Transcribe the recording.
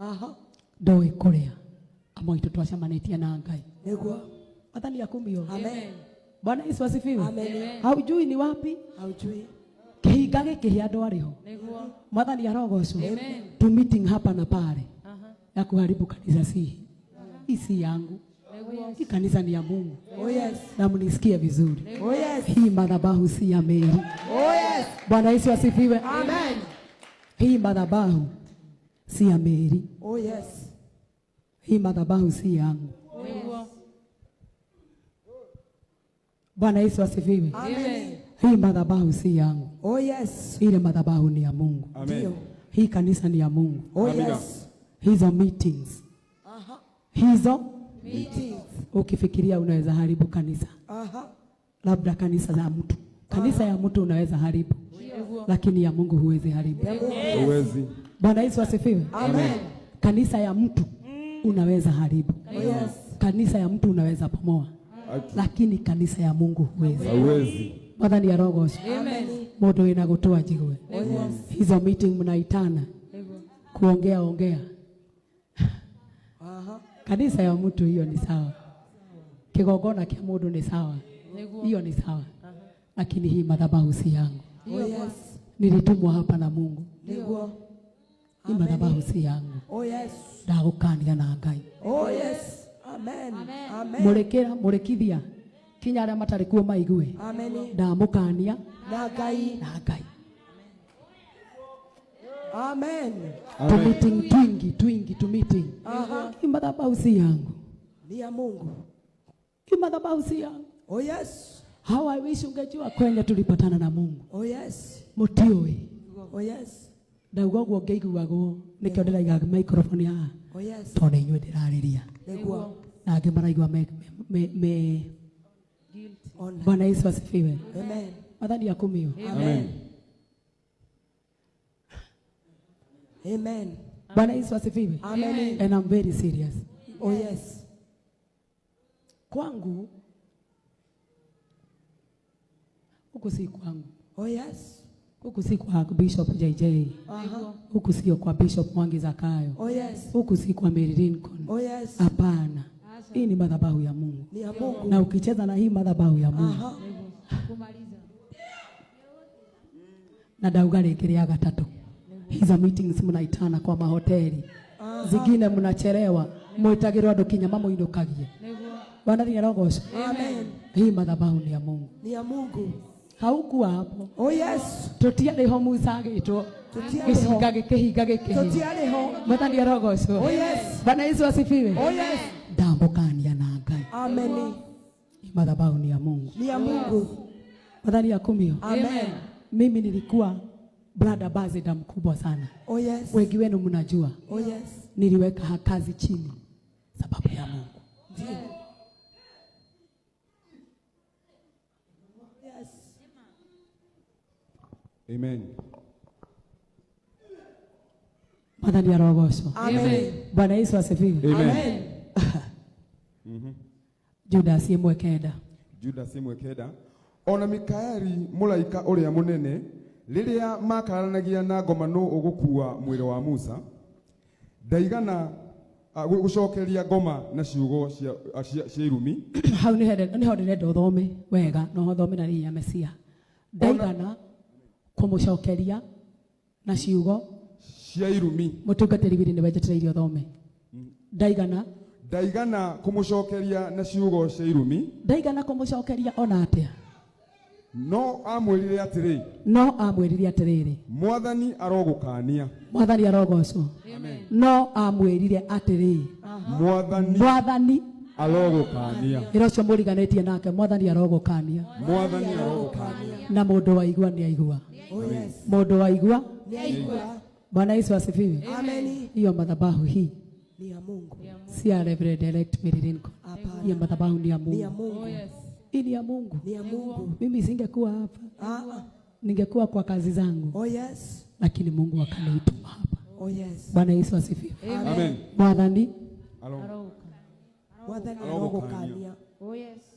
aha ndoä kå rä a amaitå twacemanä na ngai nä guo wathani akumio bwana yesu asifiwe haujui ni wapi haujui kihinga gä kä andå arä ho mwathani arogocwo tu meeting hapa na pale uh ya kuharibu kanisa sihi isi yangu hii kanisa ni ya Mungu. Oh yes. Na mnisikie vizuri. Oh yes. Hii madhabahu si ya Meri. Oh yes. Bwana Yesu asifiwe. Amen. Hii madhabahu si ya Meri. Oh yes. Hii madhabahu si yangu. Oh Bwana Yesu asifiwe. Amen. Hii madhabahu si yangu. Oh yes. Ile madhabahu ni ya Mungu. Amen. Hii kanisa ni ya Mungu. Oh yes. Hizo meetings. Aha. Hizo meetings. Ukifikiria unaweza haribu kanisa. Aha. Labda kanisa za mtu. Kanisa Aha. ya mtu unaweza haribu. Lakini ya Mungu huwezi haribu. Huwezi. Yes. Bwana Yesu asifiwe. Amen. Kanisa ya mtu mm. unaweza haribu. Yes. Kanisa ya mtu unaweza pomoa. Lakini kanisa ya Mungu huwezi. Hawezi. ni arogocwo. Amen. Mundu inagotoa gutua Yes. Hizo meeting mnaitana kuongea ongea. Aha. Kanisa ya mtu hiyo ni sawa. kigogona kia mtu ni sawa. Hiyo ni sawa. Lakini hii madhabahu si yangu. Oh, yes. Nilitumwa hapa na Mungu. Ndio nimba thabahu si yangu oh, ndagukanire na ngai oh, murekira murekithia kinya aria matari kuo maigue ndamukania na ngai Amen. twingi twingi to meeting. Uh-huh. Imadhabahu si yangu. Ni ya si yangu. Oh, How I wish ungejua kwenye tulipatana na Mungu. Oh yes ndauga guo ngeiguagwo nikio ndiraiga microphone haha oh, tondu inyue ndirariria na angi maraigua me me bana bwana yesu amen mathani akumio bwana yesu amen and I'm very serious oh, yes. kwangu huku si kwangu oh, yes. Huku si kwa Bishop JJ. Huku uh -huh. Sio kwa Bishop Mwangi Zakayo. Oh yes. Huku si kwa Mary Lincoln. Oh yes. Hapana. Hii ni madhabahu ya Mungu. Ni ya Mungu. Na ukicheza na hii madhabahu ya Mungu. Aha. Kumaliza. Na dauga rekeri ya gatatu. Hizo meetings mnaitana kwa mahoteli. Aha. Zingine mnachelewa. Mwitagirwa andu kinya mama indokagie. Bwana ni Amen. Hii madhabahu ni ya Mungu. Ni ya Mungu haukuwa hapo. Oh yes. Tutiarĩ ho Musa agĩtwo gĩcinga gĩkĩhinga gĩkĩhinga mwathani arogocwo. Oh yes. bana Yesu asifiwe. Oh yes. Ndambũkania na Ngai. Amen. Madhabahu ni ya Mungu. Ni ya Mungu. Mwathani akumio. Amen. Mimi nilikuwa brada bazida mkubwa sana. Oh yes. Wengi wenu mnajua. Oh yes. Niliweka kazi chini sababu ya Mungu. Ndiyo. Amen. Bwana Yesu asifiwe. Amen. Mhm. Judas Mwekeda. Judas Mwekeda. Ona Mikaeli mulaika uria munene riria makaranagia na ngomano ugukua mwiri wa Musa Daigana gucokeria ngoma na ciugo cia irumi hau ni ho ndirenda wega no uthome na ria Mesia ndaigana kumucokeria na ciugo cia irumi mutungatiri wiri niwe njetireirie uthome mm. ndaigana ndaigana kumucokeria na ciugo cia irumi ndaigana kumucokeria ona atia no amwirire atiriri no amwirire atiriri mwathani arogukania mwathani arogocwo no amwirire atiriri mwathani mwathani arogukania ira ucio muriganitie nake mwathani arogukania mwathani arogukania na mundu waigua ni aigua Mundu waigua Bwana Yesu asifiwe. Amen. Hiyo madhabahu hii ni ya Mungu. Si ya Reverend Elect Merilingo. Hiyo madhabahu ni ya Mungu. Oh, hii ni ya Mungu. Mimi singekuwa hapa. Ah, ah. Ningekuwa kwa kazi zangu. Oh yes. Lakini Mungu akaniituma hapa. Oh yes. Bwana Yesu asifiwe. Amen. Mwathani. Alo. Mwathani. Alo. Oh yes.